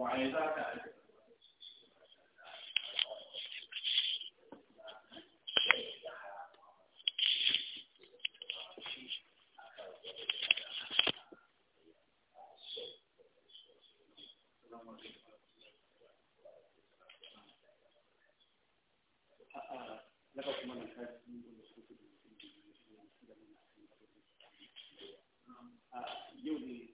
waye za ka yau ne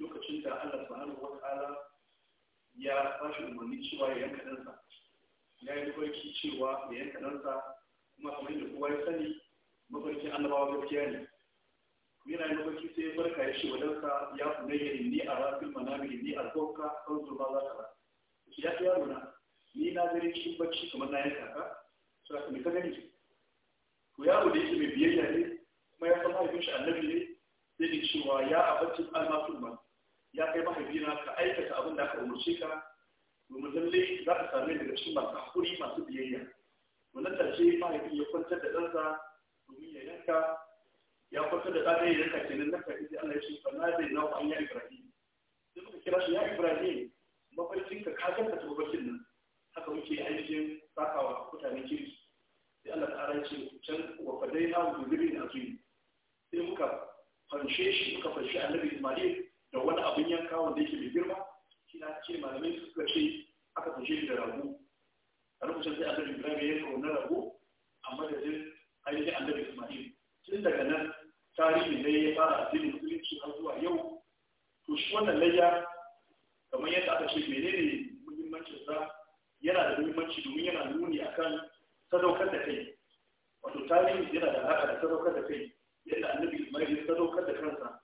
lokacin da Allah subhanahu wa ta'ala ya bashi umarni cewa ya yanka ɗansa ya yi mafarki cewa ya yanka ɗansa kuma kamar yadda kowa ya sani mafarkin annabawa gaskiya ne yana yi mafarki sai ya barka ya shiga ɗansa ya yi inni a rafin manami inni a zauka kan zurba za ta ba ya ta yaro ni na gani cikin bacci kamar na yanka ka su aka kuma ka gani Ko ya bude yake mai biyayya ne kuma ya san mahaifin shi annabi ne zai cewa ya abatin almasul ba ya kai mahaifina ka aikata abin da aka umarce ka domin lalle za ka same daga cikin masu hakuri masu biyayya wannan tashi mahaifin ya kwantar da ɗansa domin ya yanka ya kwantar da ɗansa ya yanka kenan na nan kafin Allah ya ce fa na zai nawa an ya Ibrahim sai muka kira shi ya Ibrahim mafarkin ka ka ta mafarkin nan haka muke aikin sakawa mutanen kirki sai Allah ta'ala ya ce can wa fadaina wa bi dhikrin azim sai muka fanshe shi muka fanshe annabi Ismail da wani abin yanka wanda yake mai girma shi na ce malamai suka ce aka shi da rago a lokacin sai annabi ibrahim ya yanka wannan rago da zai ainihin annabi ismail tun daga nan tarihi ne ya fara addinin musulunci har zuwa yau to shi wannan layya kamar yadda aka ce menene muhimmancin sa yana da muhimmanci domin yana nuni akan sadaukar da kai wato tarihi yana da alaƙa da sadaukar da kai yadda annabi ismail ya sadaukar da kansa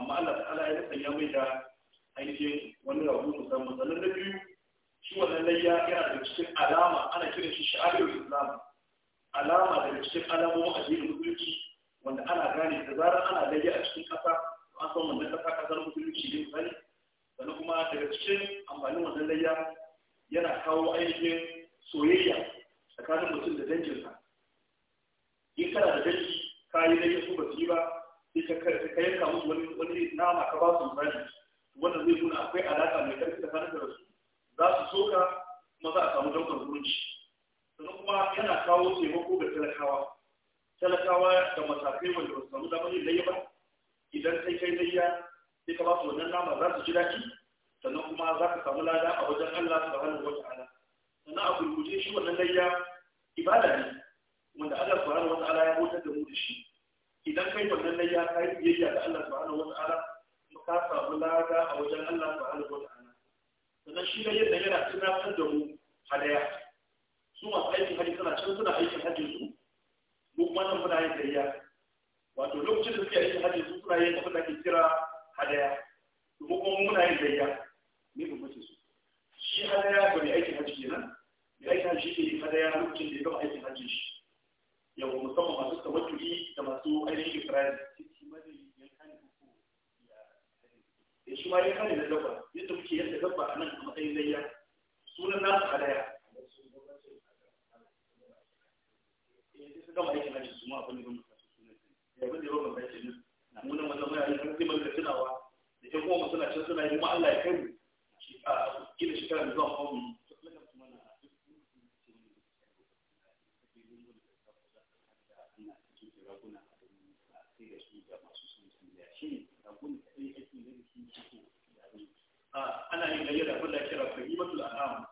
amma Allah ta'ala ya sanya mai da ainihin wani rabu musamman sannan na biyu shi wannan layya yana da cikin alama ana kiran shi sha'arul islam alama daga cikin alamomin addinin musulunci wanda ana gane da zarar ana layya a cikin ƙasa an san wannan ƙasa ƙasar musulunci ne misali sannan kuma daga cikin amfanin wannan layya yana kawo ainihin soyayya kakkar ka yanka musu wani wani nama ka ba su misali wanda zai nuna akwai alaƙa mai ƙarfi tsakanin da su za su so ka kuma za a samu daukar zumunci sannan kuma yana kawo taimako ga talakawa talakawa da matakai wanda ba su samu damar yin layya ba idan sai kai layya sai ka ba su wannan nama za su ji daɗi sannan kuma za ka samu lada a wajen Allah su subhanahu wa ala. sannan a gurguje shi wannan layya ibada ne wanda Allah subhanahu wa ala ya hotar da mu da shi idan kai wannan na ya kai biyayya da Allah subhanahu wata'ala kuma ka samu lada a wajen Allah subhanahu wata'ala sannan shi ne yadda yana tunatar da mu hadaya su masu aikin hajji suna can suna aikin hajji su mu kuma nan muna yin gariya wato lokacin da suke aikin hajji su suna yin abin da ke kira hadaya mu kuma muna yin gariya ne ba mace su shi hadaya ba mai aikin hajji kenan mai aikin hajji ne hadaya lokacin da ya gama aikin hajji shi yau musamman masu tawakkuli da masu ainihin ikrari da eh, shi ma ya kare da dabba yadda muke yadda dabba a nan a matsayin layya sunan nasu hadaya eh, sai su gama aikin hajji su ma abin da ban mutasu sunan sai eh, abin da ya ban na munan wannan mai ayyukan zai mai tunawa da ƴan kuma suna can suna yi ma Allah ya kai mu shi a gina shekara da zuwa kawo Ana cikin raguna a sai da su da masu son tambaya shi ragun da ɗaya ake da shi cikin ana yin gayyar abin da kira fahimatul an'am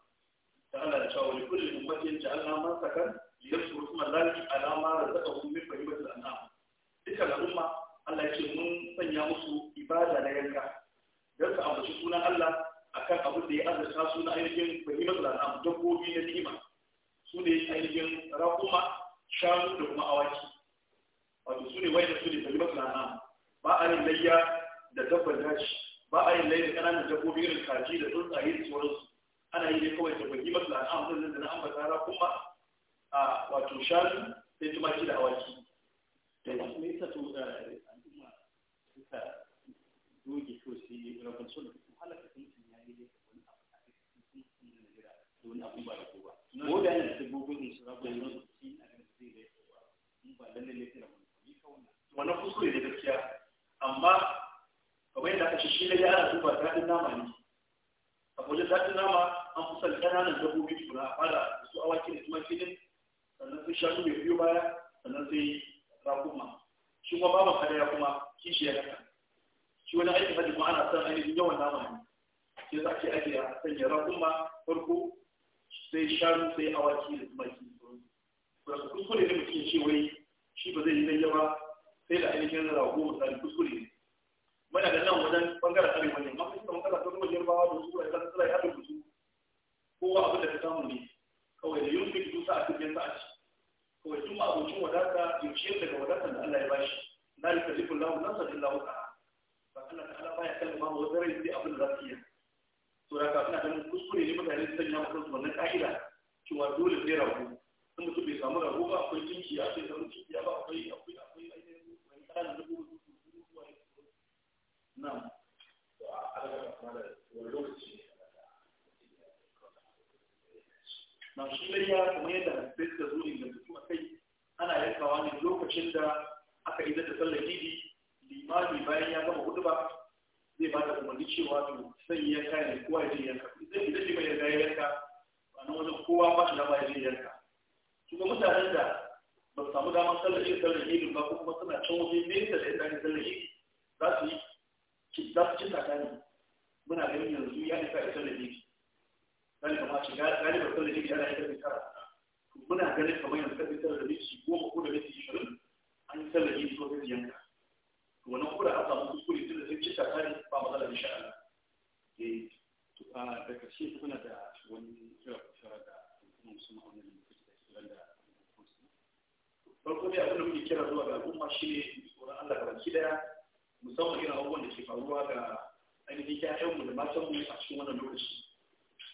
ta Allah da cewa wani kullum ummatin ja'alna man sakan liyasuru kuma lalli alama da zaka kun min fahimatul an'am duka al'umma Allah ya ce mun sanya musu ibada na yanka don su ambaci sunan Allah akan abin da ya azurta su na ainihin fahimatul an'am dabbobi na ni'ima su ne ainihin raƙuma shanu da kuma awaki wato su ne wai da su ne kalmar lana ba a yin layya da dabbar daji ba a yin layya da ƙananan dabbobi irin kaji da tsuntsaye da sauransu ana yi ne kawai da bagi masu lana a mutum da na ambata ra kuma a wato shanu sai tumaki da awaki. Me yasa to eh, al'umma suka doge to su yi rabon sun halaka sun ya yi wani abu a cikin sun da wani abu ba da kowa. Ko da yana da dabbobin su rabon sun ba lalle ne tana wani kawai wannan kuskure da gaskiya amma kamar yadda aka shi ne ya ana duba daɗin nama ne a wajen daɗin nama an fi san ƙananan dabbobi tukuna a fara su awaki da kuma filin sannan sai shanu mai biyo baya sannan sai rakuma shi kuma babu kariya kuma kishi ya raka shi wani aiki hajji kuma ana son ainihin yawan nama ne sai za a ce ake sanya rakuma farko sai shanu sai awaki da kuma kishi kuskure ne mutum ce wai shi ba zai yi layya ba sai da ainihin ko misali kuskure ne muna da nan wajen bangaren arewa ne amma kuma bangaren sauran wajen bawa da su kuma da su rai abin ko su kowa da ta samu ne kawai da yunfi da dusa a cikin sa'a ci kawai tun abokin wadata ya ciyar daga wadatan da Allah ya bashi na yi kalifin nan nasa illa wata ba Allah ala baya kalma ma wata rai sai abin da za su iya to da kafin a ganin kuskure ne mutane su sanya maka su wannan ka'ida cewa dole sai rabu in mutum bai samu rabo ba akwai kinki ya ce samu ya ba akwai akwai akwai da kuma na a wani lokaci na kuma yadda ana yankawa lokacin da aka idar da limami bayan ya gama hudu ba zai ba da umarni cewa to sai ya ne kowa ya je yanka idan idan ya ga yanka ba na wajen kowa ba shi na ba ya yanka kuma mutanen da ba su samu damar sallar da sallar irin ba kuma suna can waje nesa da ya sallar irin za su yi za su ta ne muna ganin yanzu ya isa ya sallar irin galiba kama ce galiba sallar da yana yin karfi tara muna ganin kamar yanzu karfi tara da minti goma ko da minti shirin? an yi sallar da ko zai yanka wannan kura an samu kuskure tun da sun ta ne ba matsala insha Allah. Eh, daga shi suna da wani kira kusa da musamman wani farko dai abin da muke kira zuwa ga al'umma shine tsoron Allah ga baki daya musamman irin abubuwan da ke faruwa ga ainihin ƴaƴanmu da matanmu a cikin wannan lokaci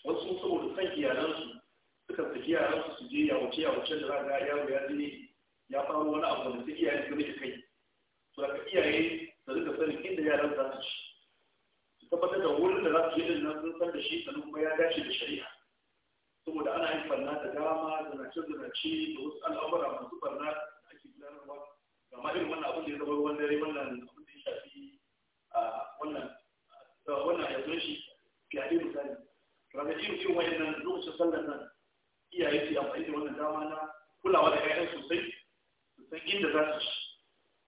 wasu saboda san iyalansu suka saki yaransu su je yawace yawuce da za yaro ya je ya faru wani abu da sai iyaye su rike kai to daga iyaye da rika sanin inda yaran za su ci su tabbatar da wurin da za su je din nan sun san da shi sannan kuma ya dace da shari'a saboda ana yin barna da dama na zanace da wasu al'amura masu barna da ake gudanarwa amma irin wannan abin da ya zama wani dare wannan abin da ya shafi wannan wannan yanzu shi fiye misali kaga irin irin wayannan lokacin sallar nan iyaye su amfani da wannan dama na kulawa da ƴaƴan sosai su san inda za su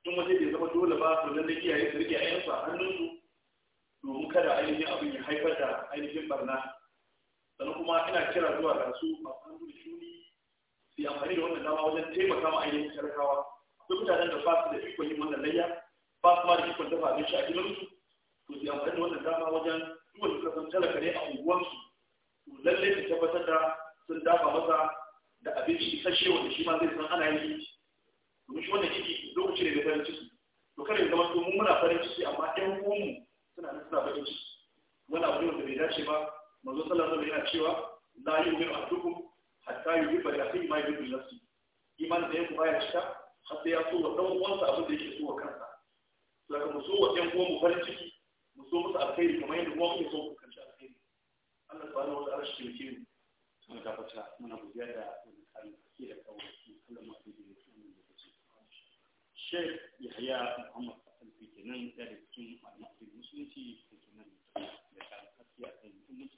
ci in waje bai zama dole ba to lallai iyaye su rike ƴaƴansu a hannunsu domin kada ainihin abin ya haifar da ainihin barna kuma ina kira zuwa ga su masu hannu da shuni su yi amfani da wannan dama wajen taimaka ma ainihin talakawa akwai mutanen da ba da ikon yin wannan layya ba su ma da ikon dafa abinci a gidansu to su yi amfani da wannan dama wajen zuwa su kasan talaka ne a unguwarsu to lallai su tabbatar da sun dafa masa da abinci isasshe wanda shi ma zai san ana yin domin shi wannan ciki lokaci ne da farin ciki to kada ya zama mun muna farin ciki amma ɗan uwanmu suna nan suna farin ciki wani abu ne wanda bai dace ba manzo sallallahu alaihi wasallam yana cewa la yu'minu ahadukum hatta yuhibba li akhihi ma yuhibbu li nafsihi iman da yake baya cika har sai ya so wa dan uwansa abin da yake so wa kansa to haka mu wa ɗan uwan mu farin ciki mu so musu alkhairi kamar yadda kuma muke so mu kanci alkhairi Allah subhanahu wa ta'ala shi ke mu sun gabata muna godiya da wannan kan ke da kuma Allah ma ke da wannan lokaci Sheikh Yahya Muhammad Hassan kenan da cikin malamin musulunci kenan